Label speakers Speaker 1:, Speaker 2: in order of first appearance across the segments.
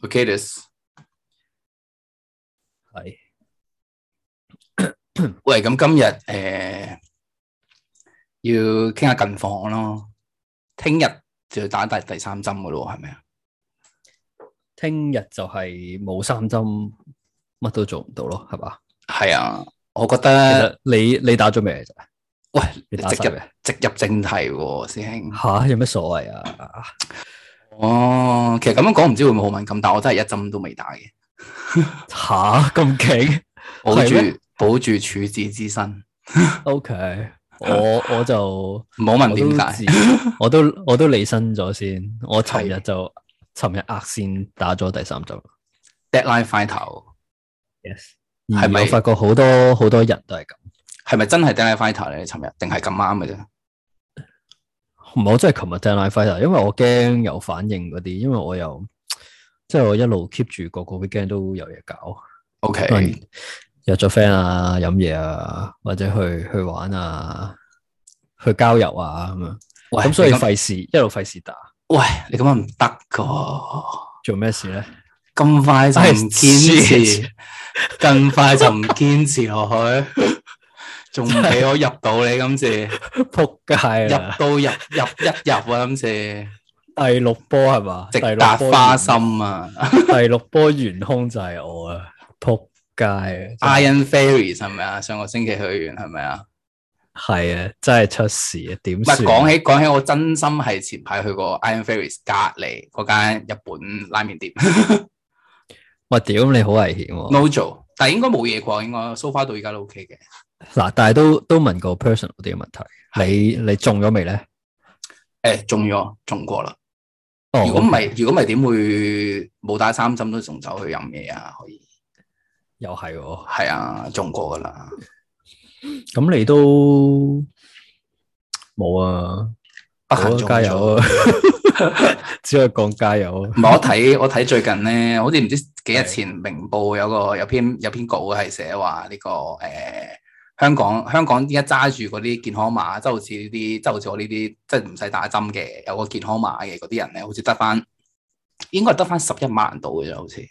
Speaker 1: Okay，this 係喂，咁今日誒要傾下近況咯。聽日就要打第第三針噶咯，係咪啊？
Speaker 2: 聽日就係冇三針，乜都做唔到咯，係嘛？係啊，我覺得。其實你你打咗咩啊？喂，你哋直入直入正
Speaker 1: 題，啊，師兄吓有咩所謂啊？哦，其實咁樣講唔知會唔會好敏感，但我真係一針都未打嘅吓，咁勁。 保住嗎保住處子之身。
Speaker 2: o、okay,
Speaker 1: K，我我就唔好 問點解，
Speaker 2: 我都我都離身咗先。我尋日就尋是日壓
Speaker 1: 線打咗第三針，Deadline Fight Out
Speaker 2: yes 係咪、yes？發覺好多好 多人
Speaker 1: 都係咁。係咪真係 Daily Fighter 咧？尋日定係咁啱嘅啫？唔
Speaker 2: 係我真係尋日 Daily Fighter，因為我驚有反應嗰啲，因為我又即係、就是、我一路 keep 住個個 weekend 都有嘢搞。O K，約咗 friend 啊，飲嘢啊，或者去去玩啊，去郊遊啊咁喂所樣。咁所以費事一路費事打。喂，你咁樣唔得噶，做咩事咧？咁快就唔堅持，咁快就唔堅
Speaker 1: 持落去。 仲唔俾我入到你今次？撲街！入到入入一入啊今次！第六波係嘛？直達花心啊！
Speaker 2: 第六波玄空就係我啊！撲街啊！Iron
Speaker 1: Fairies 係咪啊？上個星期去完係咪啊？
Speaker 2: 係啊，真係出事啊！點、啊？唔講起講起，
Speaker 1: 講起我真心係前排去過 Iron Fairies 隔籬嗰間日本拉麵店。
Speaker 2: 我 屌、啊、你好危險喎、啊、！no jo,
Speaker 1: 但係應該冇嘢啩？應該 so far 到而家都 ok 嘅。
Speaker 2: 嗱，但係都都問過 personal 啲嘅問題，你你中咗
Speaker 1: 未咧？誒、哎，中咗，中過啦。哦，如果唔係，如果唔係，點會冇打三針都仲走去飲嘢啊？可以，又係喎、喔，係啊，中過噶啦。
Speaker 2: 咁你都冇啊？加油，只可以講加油。唔係，我睇，
Speaker 1: 我睇最近咧，好似唔知幾日前，的《明報》有個有篇有篇稿係寫話呢個誒。Uh, 香港香港依家揸住嗰啲健康碼，即係好似呢啲，即係好似我呢啲，即係唔使打針嘅，有個健康碼嘅嗰啲人咧，好似得翻，應該係得翻十一萬度嘅咋，好似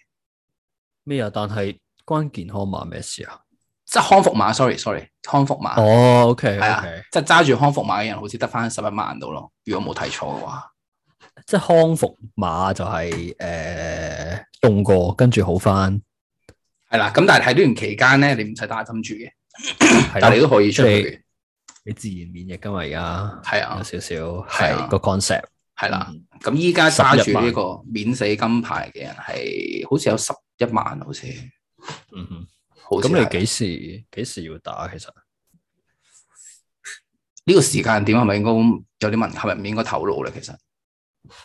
Speaker 1: 咩啊？但係關健康碼咩事啊？即係康復碼，sorry sorry，康復
Speaker 2: 碼。哦，OK，係啊，
Speaker 1: 即係揸住康復碼嘅人，好似得翻十一萬度咯。如果冇睇錯嘅話，
Speaker 2: 即係康復碼就係誒，凍過跟住好翻。
Speaker 1: 係啦，咁但係喺呢段期間咧，你唔使打針住嘅。 但你都可以出嚟，你自然免疫噶嘛？而家係啊，有少少係個 concept，係啦。咁依家揸住呢個免死金牌嘅人，係好似有十一萬，好似嗯哼，好。咁你幾時幾時要打？其實呢個時間點係咪應該有啲問題？係咪唔應該透露咧？其實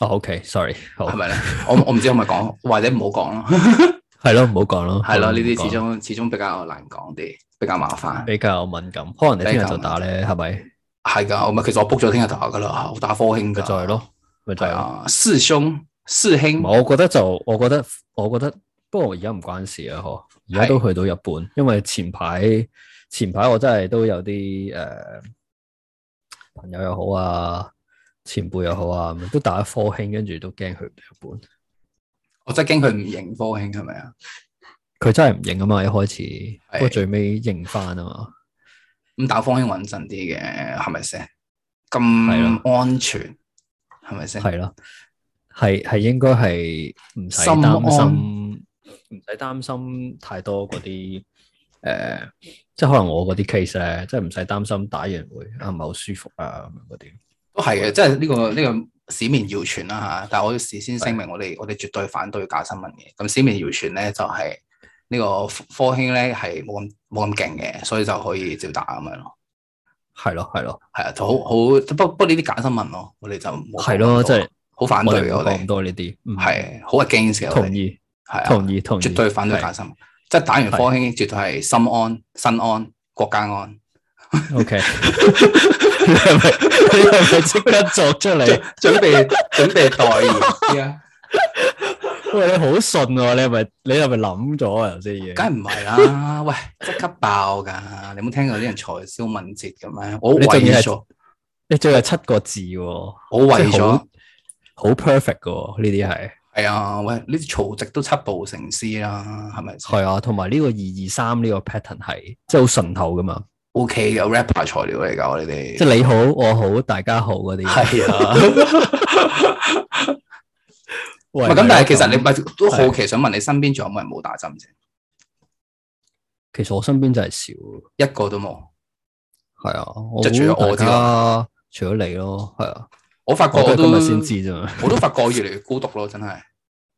Speaker 1: 哦，OK，sorry，好，係咪咧？我我唔知可唔可以講， 或者唔好講咯。
Speaker 2: 係咯，唔好講咯。係咯，呢啲的始
Speaker 1: 終始終比較難講啲，比較麻煩，比較敏感。
Speaker 2: 可能你聽日就打咧，係咪？係噶吧，唔係，其實我 book 咗聽日打噶啦，我打科興嘅再係咯，咪就係師兄師兄。我覺得就，我覺得，我覺得，我覺得不過我而家唔關事啊，嗬。而家都去到日本，的因為前排前排我真係都有啲誒、呃、朋友又好啊，前輩又好啊，都打科興，跟住都驚去日本。
Speaker 1: 我真係驚佢唔認科興係咪啊？
Speaker 2: 佢真係唔認啊嘛，一開始，不過最尾認返啊嘛。咁
Speaker 1: 的打科興穩陣啲嘅，係咪先？
Speaker 2: 咁安全，係咪先？係咯，係係應該係唔使擔心，唔使擔心太多嗰啲誒，呃、即係可能我嗰啲 case 咧，即係唔使擔心打完會唔係好舒服啊？咁嗰啲
Speaker 1: 都係嘅，即係呢個呢個。這個市面謠傳啦嚇，但係我要事先聲明，我哋我哋絕對反對假新聞嘅。咁市面謠傳咧就係呢個科興咧係冇咁冇咁勁嘅，所以就可以照打咁樣咯。係咯，係咯，係啊，就好好，不不過呢啲假新聞咯，我哋就係咯，即係好反對嘅，多唔
Speaker 2: 多呢啲？係好勁
Speaker 1: 嘅，同意，係同意，同意，絕對反對假新聞。即係打完科興，絕對係心安、身安、國家安。OK。 你係咪？你係咪即刻作出嚟準備 準備代言？ 喂，你好順喎！你係咪你係咪諗咗啊？啲嘢梗係唔係啦！喂，即刻爆噶！你有冇聽過啲人才思敏捷咁樣？我你仲要係做？你最後七
Speaker 2: 個字喎！我為咗好 perfect 嘅呢啲係
Speaker 1: 係啊！喂，
Speaker 2: 呢啲、哎、曹植都七步成詩啦，係咪？係啊，同埋呢個二二三呢個 pattern 係即係好順頭噶嘛。
Speaker 1: O、okay, K 嘅 rapper 材料嚟噶，呢啲即係你好，我好，大家好嗰啲。係啊 喂，咁，但係其實你咪都好奇想問你身邊仲有冇人冇打針啫？
Speaker 2: 其實我身邊就係少一個都冇，係啊，即係除咗我之外，除咗你咯，係啊。我發覺我今日先知啫，我都發覺
Speaker 1: 越嚟越孤獨咯，真係。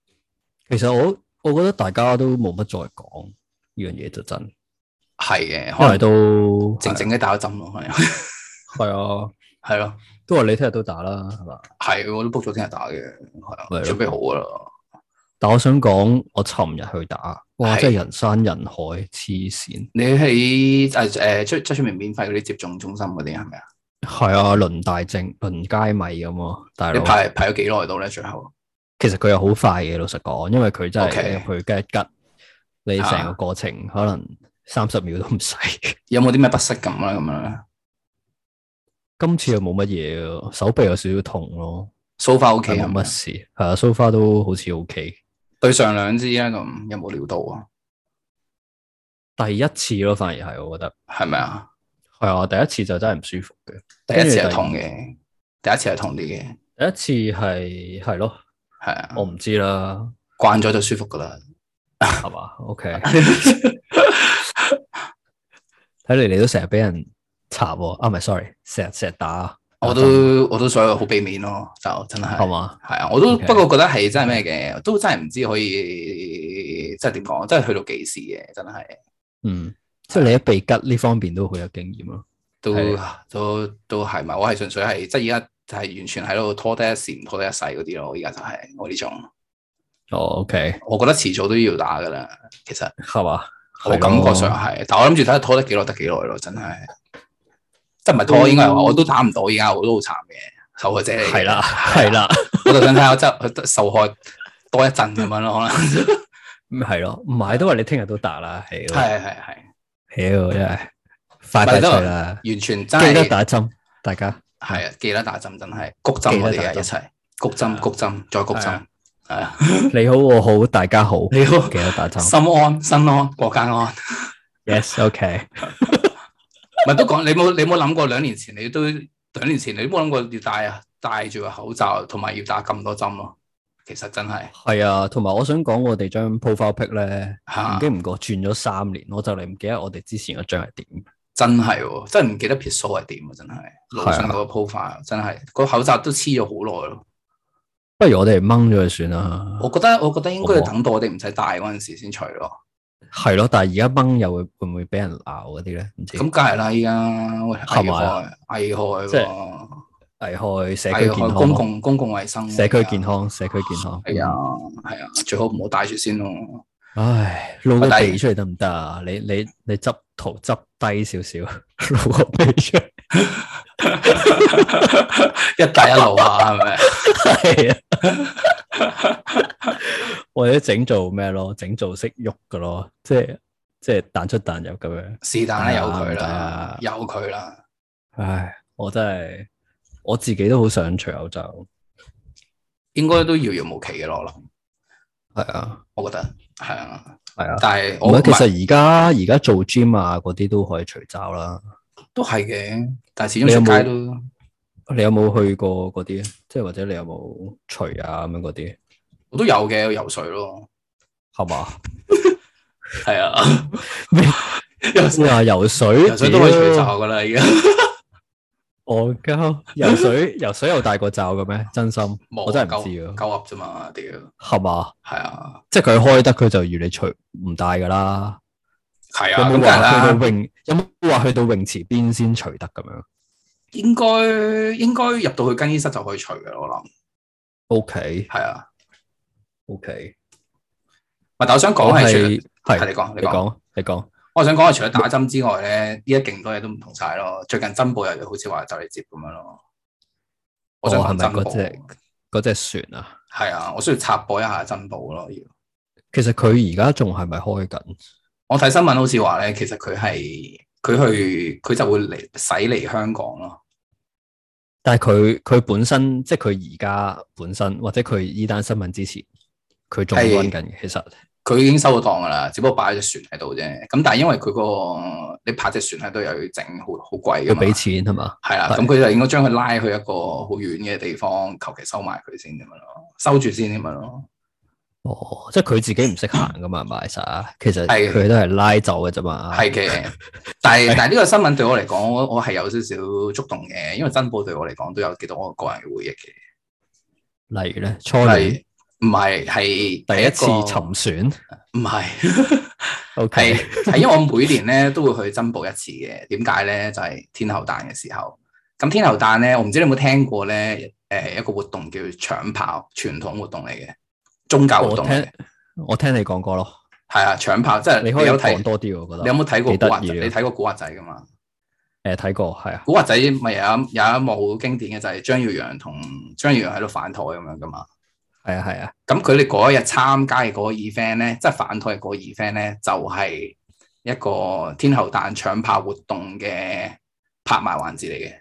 Speaker 2: 其實我我覺得大家都冇乜再講呢
Speaker 1: 樣嘢，就真。係嘅，可能都靜靜嘅打咗針咯，係啊，係啊，係咯，都話你聽日都打啦，係嘛？係，我都 book 咗聽日打嘅，係啊，準備好喇。
Speaker 2: 但我想講，我尋日去打，哇！真係人山人海，黐線。
Speaker 1: 你喺誒誒出出出面免費嗰啲接種中心嗰啲係咪啊？
Speaker 2: 係啊，輪大正、輪街米咁喎，大佬。你排
Speaker 1: 排咗幾耐到咧？最後
Speaker 2: 其實佢又好快嘅，老實講，因為佢真係佢吉吉，你成個過程可能。三十秒
Speaker 1: 都唔使，有冇啲咩不適感啦？咁樣，
Speaker 2: 今次又冇乜嘢，手臂有少少痛咯。So farOK，冇乜事，係啊，So far 都好似 O K。
Speaker 1: 對上兩支咧咁，有冇料到啊？第一次咯，反
Speaker 2: 而係，我覺得係咪啊？係啊，第一次就真係唔舒服嘅，
Speaker 1: 第一次係痛嘅，
Speaker 2: 第一次係痛啲嘅，第一次係係咯，係啊，我唔知啦，慣咗就舒服噶啦，係嘛？O K。睇嚟你都成日俾人查喎、啊，啊唔係 sorry，成日成日打，我都
Speaker 1: 真我都所以好俾面咯，就真係。係嘛嗎？係啊，我都 Okay. 不過覺得係真係咩嘅，都真係唔知可以即係點講，真係去到幾時嘅，真係。嗯，即
Speaker 2: 係你一被吉呢方面都好有經驗都是咯，
Speaker 1: 都都都係咪？我係純粹係即係而家就係完全喺度拖得一時，拖得一世嗰啲咯。而家就係我呢種。哦、oh，，OK，我覺得遲早都要打噶啦，其實係嘛？ 我感覺上係，但我諗住睇下拖得幾耐得幾耐咯，真係，即係唔係拖應該係對、哦，我都打唔到依家，我都好慘嘅受害者嚟。係啦，係啦，我就想睇下即係受害多一陣咁
Speaker 2: 樣咯，可能咁係咯，唔係都話你聽日都打啦，係。係係係，屌真係快過咗啦，完全爭記得打針，大家係啊，
Speaker 1: 記得打針真係，谷針我哋一齊谷針谷針的再谷針。
Speaker 2: 你好我好，大家好，你好，幾多打針？
Speaker 1: 心安身安國家安。
Speaker 2: Yes，OK okay.
Speaker 1: 唔一係都講你冇你冇諗過兩年前你都兩年前你冇諗過要戴啊戴住個口罩，同埋要打咁多針咯、啊。其實真係
Speaker 2: 係啊，同埋我想講我哋張 profile pic 咧，唔經唔覺轉咗三年，我就嚟唔記得我哋之
Speaker 1: 前嘅張係點。真係，真係唔記得撇數係點啊！真係，路上嗰個 profile 真係個對口罩都黐咗好耐咯。
Speaker 2: 不如我哋掹咗佢算啦。
Speaker 1: 我覺得我覺得應該要等到我哋唔使戴嗰陣時先除咯。
Speaker 2: 係咯， 但係而家掹又會會唔會俾人
Speaker 1: 鬧嗰啲咧？唔知。咁梗係啦，依家嗎危害危害即、啊、係、就是、危害社區健康、公共公共衞生害社、社區
Speaker 2: 健康、社區健康。
Speaker 1: 係啊、 哎，係啊，最好唔好戴住先咯。
Speaker 2: 唉，露個鼻出嚟得唔得啊？你你你執圖執低少少，露個鼻出 一帶一路啊，係咪？係啊，或者整做咩咯？整做識喐嘅咯，即係即係彈出彈入咁樣。是但係有佢啦，哎、呀有佢啦。唉，我真係我自己都好想除口罩，
Speaker 1: 應該都遙遙無期嘅咯。我諗係啊，我覺得係啊，係啊。但係我覺得其實
Speaker 2: 而家而家做 gym 啊，嗰啲都可以除罩啦。都係嘅，但係始終出街都。你有冇去過嗰啲？即係或者你有冇除啊咁樣嗰啲？我都有嘅，游水咯，
Speaker 1: 係
Speaker 2: 嘛？係啊，游水，都可以除罩噶啦，而家。我家？游水游水又戴個罩嘅咩？真心我真係唔知啊，
Speaker 1: 鳩噏啫嘛啲？
Speaker 2: 係嘛？係啊，即係佢開得佢就如你除唔戴噶啦。係啊，有冇話去到泳有冇話去到泳池邊先除得咁樣？
Speaker 1: 應該應該入到去更衣室就可以除嘅，我諗。O K，係啊。O K，
Speaker 2: 唔但我想講係，係你講，你講，
Speaker 1: 你講。你你我想講係，除咗打針之外咧，依家勁多嘢都唔同晒咯。最近珍寶又好似話就嚟接咁樣咯。哦、我想係咪嗰隻
Speaker 2: 嗰隻船啊？
Speaker 1: 係啊，我需要插播一下珍寶咯。要。
Speaker 2: 其實佢而家仲係咪開緊？
Speaker 1: 我睇新聞好似話咧，其實佢係佢去佢就會嚟駛離香港咯。
Speaker 2: 但係佢佢本身即係佢而家本身，或者佢依單新聞之前，佢仲運緊
Speaker 1: 嘅。是其實佢已經收咗檔噶啦，只不過擺喺隻船喺度啫。咁但係因為佢嗰、嗰個你泊隻船喺度又要整好好貴要俾
Speaker 2: 錢係嘛？係啦。咁佢
Speaker 1: 的的就應該將佢拉去一個好遠嘅地方，求其、嗯、收埋佢先咁樣咯，收住先咁樣咯。嗯嗯
Speaker 2: 哦，即係佢自己唔識行噶嘛，買實啊， 其實佢的都係拉走嘅啫嘛。係嘅，
Speaker 1: 但係但係呢個新聞對我嚟講，我我係有少少都觸動嘅，因為珍寶對我嚟講都有幾多我個人嘅回憶嘅。例如咧，初年唔係係第一次沉船，唔係，OK 係因為我每年咧都會去珍寶一次嘅。點解咧？就係、是、天后誕嘅時候。咁天后誕咧，我唔知你有冇聽過咧？誒，一個活動叫搶炮，傳統活動嚟嘅。宗教活動我，
Speaker 2: 我聽你講過咯，
Speaker 1: 係啊，搶炮即係你，你可以講多啲
Speaker 2: 我覺得，你有冇睇過古惑仔？你睇
Speaker 1: 過古惑仔噶嘛？
Speaker 2: 誒、呃，睇過，係啊，古
Speaker 1: 惑仔咪有有一幕好經典嘅就係、是、張耀揚同張耀揚喺度反台咁樣噶嘛？
Speaker 2: 係啊係啊，
Speaker 1: 咁佢哋嗰一日參加嘅嗰個 event 咧，即係反台嘅嗰個 event 咧，就係、是、一個天后誕搶炮活動嘅拍賣環節嚟嘅。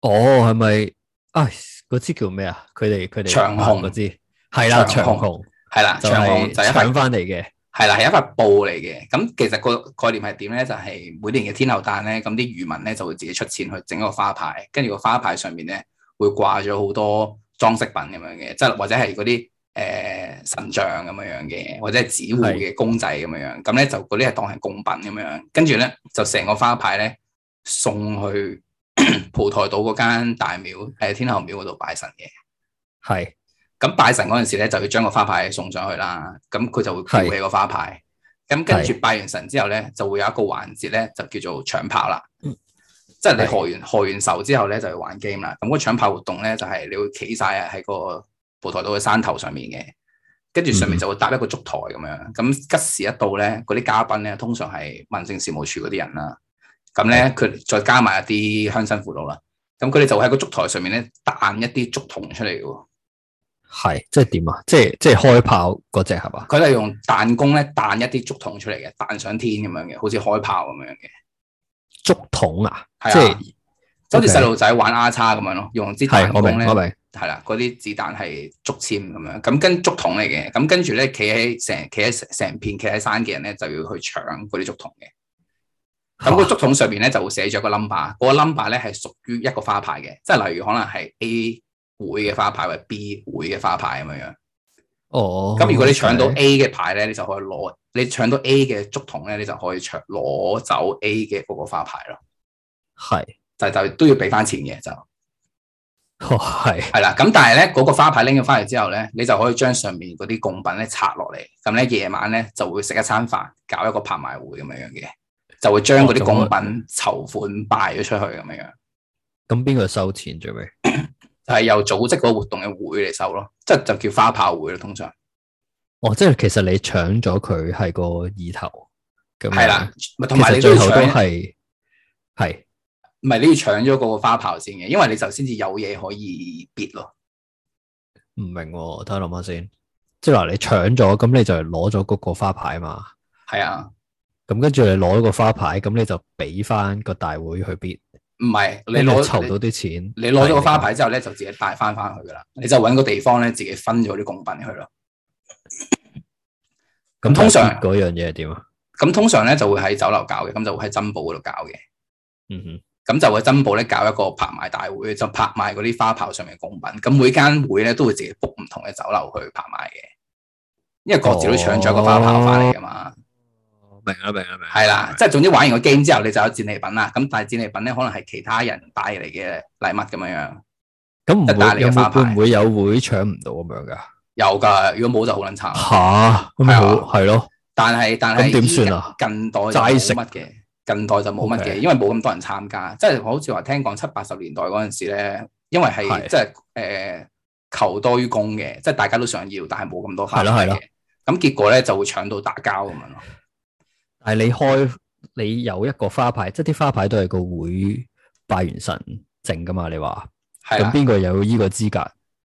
Speaker 2: 哦，係咪啊？嗰支叫咩啊？佢哋佢哋長紅嗰支。係啦，長虹
Speaker 1: 係啦，了長虹空就整翻嚟嘅，係啦，係一塊布嚟嘅。咁其實個概念係點咧？就係、是、每年嘅天后誕咧，咁啲漁民咧就會自己出錢去整一個花牌，跟住個花牌上面咧會掛咗好多裝飾品咁樣嘅，即係或者係嗰啲誒神像咁樣樣嘅，或者係紙糊嘅公仔咁樣樣。咁咧是就嗰啲係當係供品咁樣，跟住咧就成個花牌咧送去蒲台島嗰間大廟誒、呃、天后廟嗰度拜神嘅。係。咁拜神嗰陣時咧，就要將個花牌送上去啦。咁佢就會攰起個花牌。咁是的 跟住拜完神之後咧，就會有一個環節咧，就叫做搶炮啦。即係是的 你賀完賀是的 完壽之後咧，就要玩 game 啦。咁、那個搶炮活動咧，就係你會企曬喺個蒲台度嘅山頭上面嘅。跟住上面就會搭一個竹台咁樣。咁吉是的 時一到咧，嗰啲嘉賓咧，通常係民政事務處嗰啲人啦。咁咧佢再加埋一啲鄉親父老啦。咁佢哋就喺個竹台上面咧彈一啲竹筒出嚟嘅喎。
Speaker 2: 係，即係點啊？即係即係開炮嗰隻係嘛？佢
Speaker 1: 係用彈弓咧彈一啲竹筒出嚟嘅，彈上天咁樣嘅，好似開炮咁樣嘅
Speaker 2: 竹筒啊，啊即係就，好似細路
Speaker 1: 仔玩 R 叉咁樣咯，用支彈弓咧，係我明，我明，係啦，嗰啲，啊、子彈係竹籤咁樣，咁跟竹筒嚟嘅，咁跟住咧，企喺成，企喺成片，企喺山嘅人咧，就要去搶嗰啲竹筒嘅。咁個，啊、竹筒上邊咧就會寫咗個 number，嗰，嗰個 number 咧係屬於一個花牌嘅，即係例如可能係 A。會嘅花牌或 B，會嘅花牌咁樣樣。
Speaker 2: 哦。咁如果你搶到 A
Speaker 1: 嘅牌咧的，你就可以攞你搶到 A 嘅竹筒咧，你就可以搶攞走 A 嘅嗰個花牌咯。係。就就都要俾翻錢嘅就。
Speaker 2: 哦，係。
Speaker 1: 係啦，咁但係咧，嗰個花牌拎咗翻嚟之後咧，你就可以將上面嗰啲貢品咧拆落嚟。咁咧夜晚咧就會食一餐飯，搞一個拍賣會咁樣樣嘅，就會將嗰啲貢品籌款敗咗、哦、出去咁樣樣。咁邊個收錢最尾？ 係由組織個活動嘅會嚟收咯，即係就叫花炮會咯，通常。
Speaker 2: 哦，即係其實你搶咗佢係個意頭，咁係啦，咪同埋你要最後都係係，
Speaker 1: 唔係你要搶咗個花炮先嘅，因為你就先至有嘢可以 bid 咯。唔明，我睇諗下先。即係嗱，你
Speaker 2: 搶咗，咁你就攞咗嗰個花牌嘛。
Speaker 1: 係啊的，
Speaker 2: 咁跟住你攞個花牌，咁你就俾翻個大會去 bid
Speaker 1: 唔係，你攞籌到啲錢，你攞咗個花牌之後咧，就自己帶翻翻去噶啦。你就搵個地方咧，自己分咗啲貢品去咯。咁、 嗯、通常嗰樣嘢係點啊？咁、嗯、通常咧就會喺酒樓搞嘅，咁就會喺珍寶嗰度搞嘅。嗯
Speaker 2: 哼，
Speaker 1: 咁、嗯、就會喺珍寶咧搞一個拍賣大會，就拍賣嗰啲花炮上面嘅貢品。咁每間會咧都會自己 book 唔同嘅酒樓去拍賣嘅，因為各自都搶咗一個花炮翻嚟噶嘛。哦。明啦，明啦，明。係啦，即係總之玩完個 game 之後，你就有戰利品啦。咁但係戰利品咧，可能係其他人帶嚟嘅禮物咁樣樣。
Speaker 2: 咁唔會唔會唔會有會搶唔到咁樣噶？
Speaker 1: 有噶，如果冇就好撚慘。吓，
Speaker 2: 咁咪好係咯？
Speaker 1: 但係但係，咁點算啊？近代齋食乜嘅？近代就冇乜嘅，因為冇咁多人參加。即係好似話聽講七八十年代嗰陣時咧，因為係即係誒求多於供嘅，即係大家都想要，但係冇咁多花炮係咯係咯。咁結果咧就會搶到打交咁樣咯。
Speaker 2: 係你開，你有一個花牌，即係啲花牌都係個會拜完神整噶嘛？你話，
Speaker 1: 係，咁邊
Speaker 2: 個有依個資格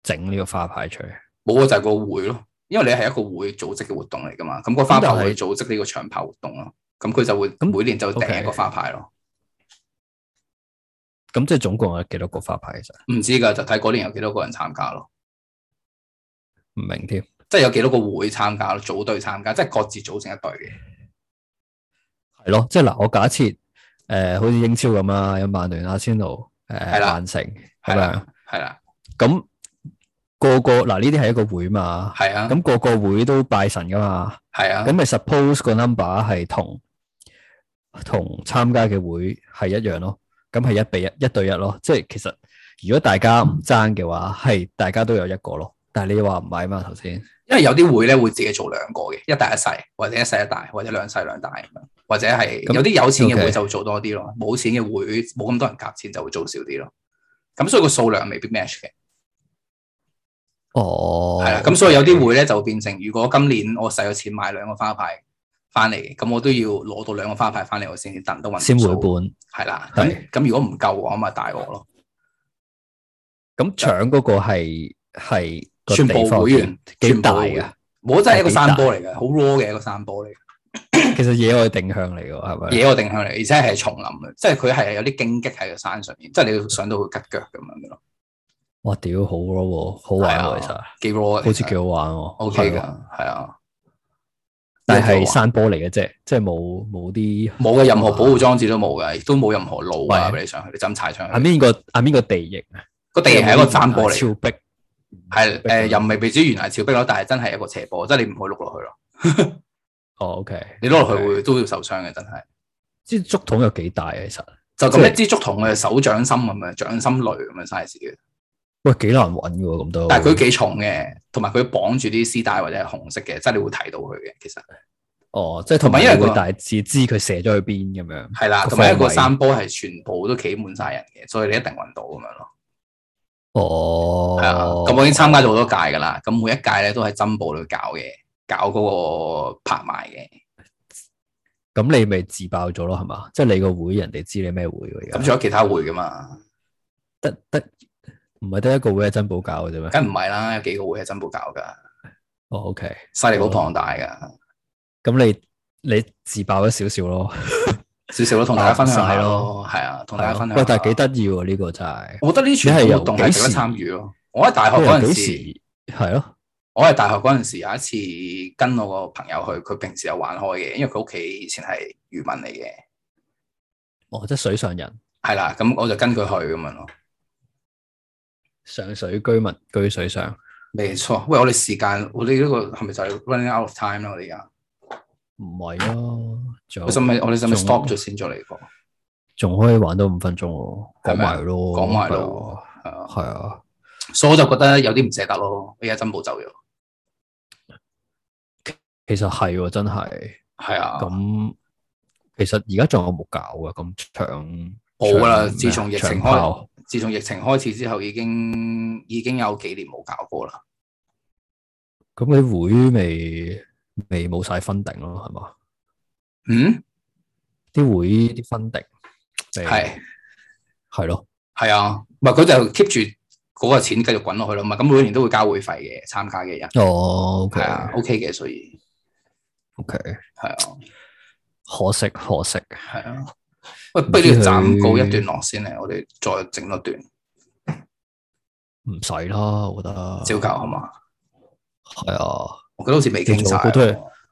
Speaker 2: 整呢個花牌出？
Speaker 1: 冇啊，就係、是、個會咯，因為你係一個會組織嘅活動嚟噶嘛。咁、那個花牌會組織呢個長跑活動咯。咁佢、就是、就會咁每年就定一個花牌咯。咁、
Speaker 2: okay. 即係總共有幾多個花牌其實？唔
Speaker 1: 知噶，就睇嗰年有幾多個人參加咯。
Speaker 2: 唔明添，
Speaker 1: 即係有幾多個會參加咯？組隊參加，即係各自組成一隊嘅。
Speaker 2: 係咯，即係嗱，我假設誒、呃，好似英超咁啊，有曼聯、阿仙奴、誒曼城咁樣，
Speaker 1: 係啦的。
Speaker 2: 咁個個嗱呢啲係一個會嘛，係啊的。咁個個會都拜神噶嘛，係啊的。咁咪 suppose 個 number 係同同參加嘅會係一樣咯，咁係一比一，一對一咯。即係其實如果大家唔爭嘅話，係、嗯、大家都有一個咯。但係你話唔係嘛，頭先？因為有啲會咧
Speaker 1: 會自己做兩個嘅，一大一細，或者一細一大，或者兩細兩大咁樣。或者係有啲有錢嘅會就會做多啲咯，冇、okay. 錢嘅會冇咁多人夾錢就會做少啲咯。咁、嗯、所以個數量未必 match 嘅。哦、oh, okay.，係啦。咁所以有啲會咧就會變成，如果今年我使咗錢買兩個花牌翻嚟，咁我都要攞到兩個花牌翻嚟，我先至等到運。先回本係啦。咁咁的對，如果唔夠嘅話，咪大蝕咯。
Speaker 2: 咁搶嗰個係的全部會員幾大㗎？
Speaker 1: 我真係一個散波嚟嘅，好 raw 嘅一個散波嚟。其實野外定向嚟嘅係咪？野外定向嚟，而且係叢林嘅，即係佢係有啲荊棘喺個山上面，即係你上到會拮腳咁樣嘅咯。
Speaker 2: 哇屌，好咯，好玩啊，其實，
Speaker 1: 幾好似幾
Speaker 2: 好玩喎，OK 噶，係啊。
Speaker 1: 但係
Speaker 2: 山坡嚟嘅啫，即係冇冇啲冇嘅任何保護裝置
Speaker 1: 都冇嘅，亦都冇任何路啊俾你上去，你針柴上去。啊邊個啊邊個地形啊？個地形係一個山坡嚟，峭壁係誒又唔係未知原嚟峭壁咯，但係真係一個斜坡，即係你唔可以碌落去咯。哦、oh，OK，你攞落去會都要受傷嘅，真係。支
Speaker 2: 竹筒有幾大啊？其實就咁一支
Speaker 1: 竹筒嘅手掌心咁樣，掌心類咁樣 size 嘅。喂，幾難搵嘅喎，咁都。但係佢幾重嘅，同埋佢綁住啲絲帶或者係紅色嘅，即係你會睇到佢嘅，其實。哦，即係同埋因為佢大，
Speaker 2: 致知佢射咗去邊咁
Speaker 1: 樣。係啦了，同埋蟻一個山坡係全部都企滿晒人嘅，所以你一定搵到咁樣咯。哦，係啊，咁我已經參加咗好多屆噶啦，咁每一屆咧都喺珍寶度搞嘅。搞嗰個拍賣嘅，
Speaker 2: 咁你咪自爆咗咯，係嘛？即係你個會，人哋知你咩會喎？咁仲有其他會噶嘛？得得，唔係得一個會喺珍寶搞嘅啫咩？梗唔
Speaker 1: 係啦，有幾個會喺珍寶搞噶。
Speaker 2: 哦，OK，
Speaker 1: 犀利好龐大噶。
Speaker 2: 咁你你自爆咗 少少咯，少少咯，同大家分享下咯。
Speaker 1: 係啊， 同大家分享。喂，但係幾
Speaker 2: 得意喎？呢個真係。我覺得呢，全部都係動係點樣參與
Speaker 1: 咯。我喺大學嗰陣時，時，
Speaker 2: 係咯。
Speaker 1: 我喺大學嗰陣時，有一次跟我個朋友去，佢平時有玩開嘅，因為佢屋企以前係漁民嚟嘅。哦，即係水上人係啦，咁我就跟佢去咁樣咯。上水居民居水上，沒錯。喂，我哋時間，我哋呢個係咪就係 running out of time 咯？我哋而家唔係啊，仲有，是是我哋咪我咪 stop 咗先有，再嚟過。
Speaker 2: 仲可以玩多五分鐘喎，講埋咯，講埋咯，係
Speaker 1: 啊，係啊的，所以我就覺得有啲唔捨得咯，而家珍寶舫走咗。
Speaker 2: 其實係喎，真係係啊。咁其實而家仲有
Speaker 1: 冇搞啊？
Speaker 2: 咁長
Speaker 1: 冇啦。自從疫情開，自從疫情開始之後，已經已經有幾年冇搞過啦。
Speaker 2: 咁你會未未冇晒分定咯，係嘛？嗯，啲會啲
Speaker 1: 分定係係咯，係啊。唔係佢就 keep 住嗰個錢繼續滾落去咯。咪咁每年都會交會費嘅，參加嘅人
Speaker 2: 哦，係
Speaker 1: 啊，OK 嘅，所以。
Speaker 2: OK，係啊，可惜可惜，
Speaker 1: 係啊，喂，不如暫告一段落先嚟，我哋再整一段，唔使啦，我覺得，照舊好嘛，
Speaker 2: 係啊，我覺得好似未傾晒，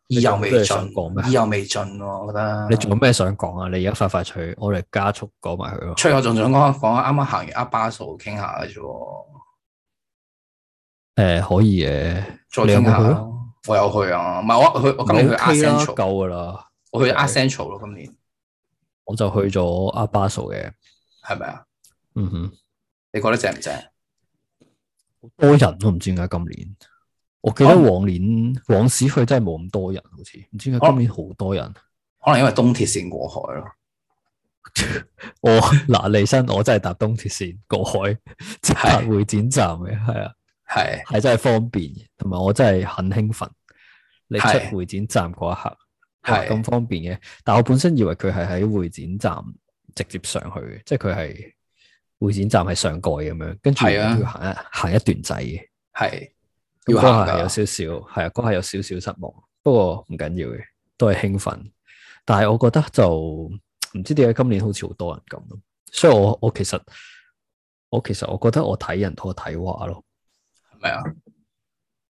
Speaker 1: 意猶未盡，意猶未盡，我覺得，你仲
Speaker 2: 有咩想講啊？你而家快快脆，我哋加速講埋佢咯。崔
Speaker 1: 哥仲想講，講啱啱行完阿巴數，傾下嘅啫，
Speaker 2: 誒，可以嘅，再傾下佢咯。
Speaker 1: 我有去啊，唔係我去，我今年不好去阿 Central 夠噶啦，對我去阿 Central 咯。今年
Speaker 2: 我就去咗 Art Basel 嘅，
Speaker 1: 係咪啊？嗯哼，你覺得正唔正？
Speaker 2: 好多人都唔知點解今年，我記得往年、啊、往時去真係冇咁多人，好似唔知點解今年好多人，好可能因為東鐵線過海咯。 我嗱嚟身，我真係搭東鐵線過海，搭會展站嘅，係啊。係係真係方便，同埋我真係很興奮。你出會展站嗰一刻，係咁的方便嘅。但係我本身以為佢係喺會展站直接上去嘅，即係佢係會展站係上蓋咁樣，跟住要行一行的一段仔嘅。係嗰下係有少少，係啊的，嗰下有少少失望。不過唔緊要嘅，都係興奮。但係我覺得就唔知點解今年好似好多人咁咯。所以我我其實我其實我覺得我睇人同我睇畫咯。係啊，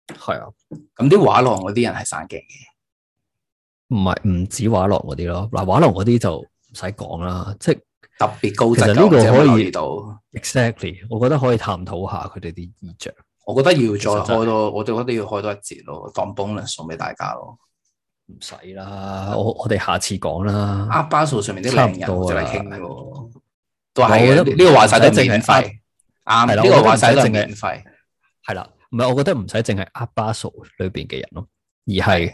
Speaker 2: 係啊，咁啲畫廊嗰
Speaker 1: 啲人係散鏡
Speaker 2: 嘅，唔係唔止畫廊嗰啲咯，嗱畫廊嗰啲就唔
Speaker 1: 使講啦，即係特別高質。其實呢個可以
Speaker 2: ，exactly，我覺得可以探討下佢哋啲意象。我覺得要再開多，
Speaker 1: 我哋我哋要開多一節咯，當 bonus 送俾大家咯。唔使啦，我
Speaker 2: 我哋下次講啦。阿巴 a 上面啲靚人就嚟傾嘅，都係呢個話晒都免費，
Speaker 1: 啱啊，呢個話晒都免費。
Speaker 2: 係啦，唔係我覺得唔使淨係 Art Basel 裏邊嘅人咯，而係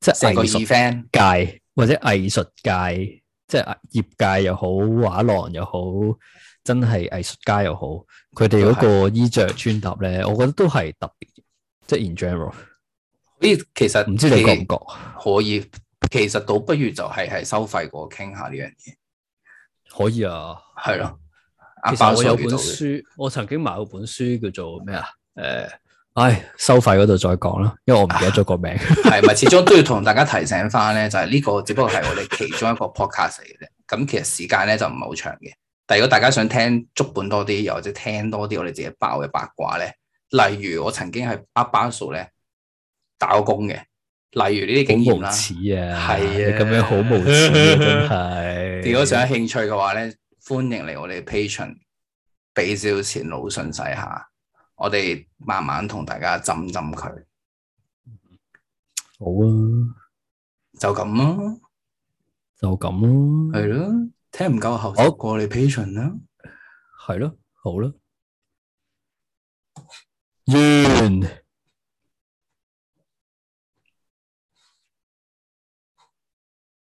Speaker 2: 即係藝術界或者藝術界，即係業界又好，畫廊又好，真係藝術家又好，佢哋嗰個衣着穿搭咧，我覺得都係特別。即係 in general，所以
Speaker 1: 其實唔知你覺唔覺可以，其實倒不如就係係收費過傾下呢樣嘢。可以啊，係咯的。其實我有本書，
Speaker 2: 我曾經買過
Speaker 1: 本書叫做咩啊？
Speaker 2: 誒，唉，收費嗰度再講啦，因為我唔記得咗個名。
Speaker 1: 係咪、啊、始終都要同大家提醒翻咧？ 就係呢個只不過係我哋其中一個 podcast 嚟嘅啫。咁其實時間咧就唔係好長嘅。但如果大家想聽足本多啲，又或者聽多啲我哋自己爆嘅八卦咧，例如我曾經係阿班 sir 咧打工嘅，例如呢啲經驗啦，係啊，咁樣好無恥啊，
Speaker 2: 真係。 如果想
Speaker 1: 有興趣嘅話咧，歡迎嚟我哋 Patreon，俾少少錢老信使下。我哋慢慢同大家浸浸佢，
Speaker 2: 好啊，就咁咯，就咁咯，係咯，聽唔夠喉，我過嚟 Patreon 啦，係咯，好啦。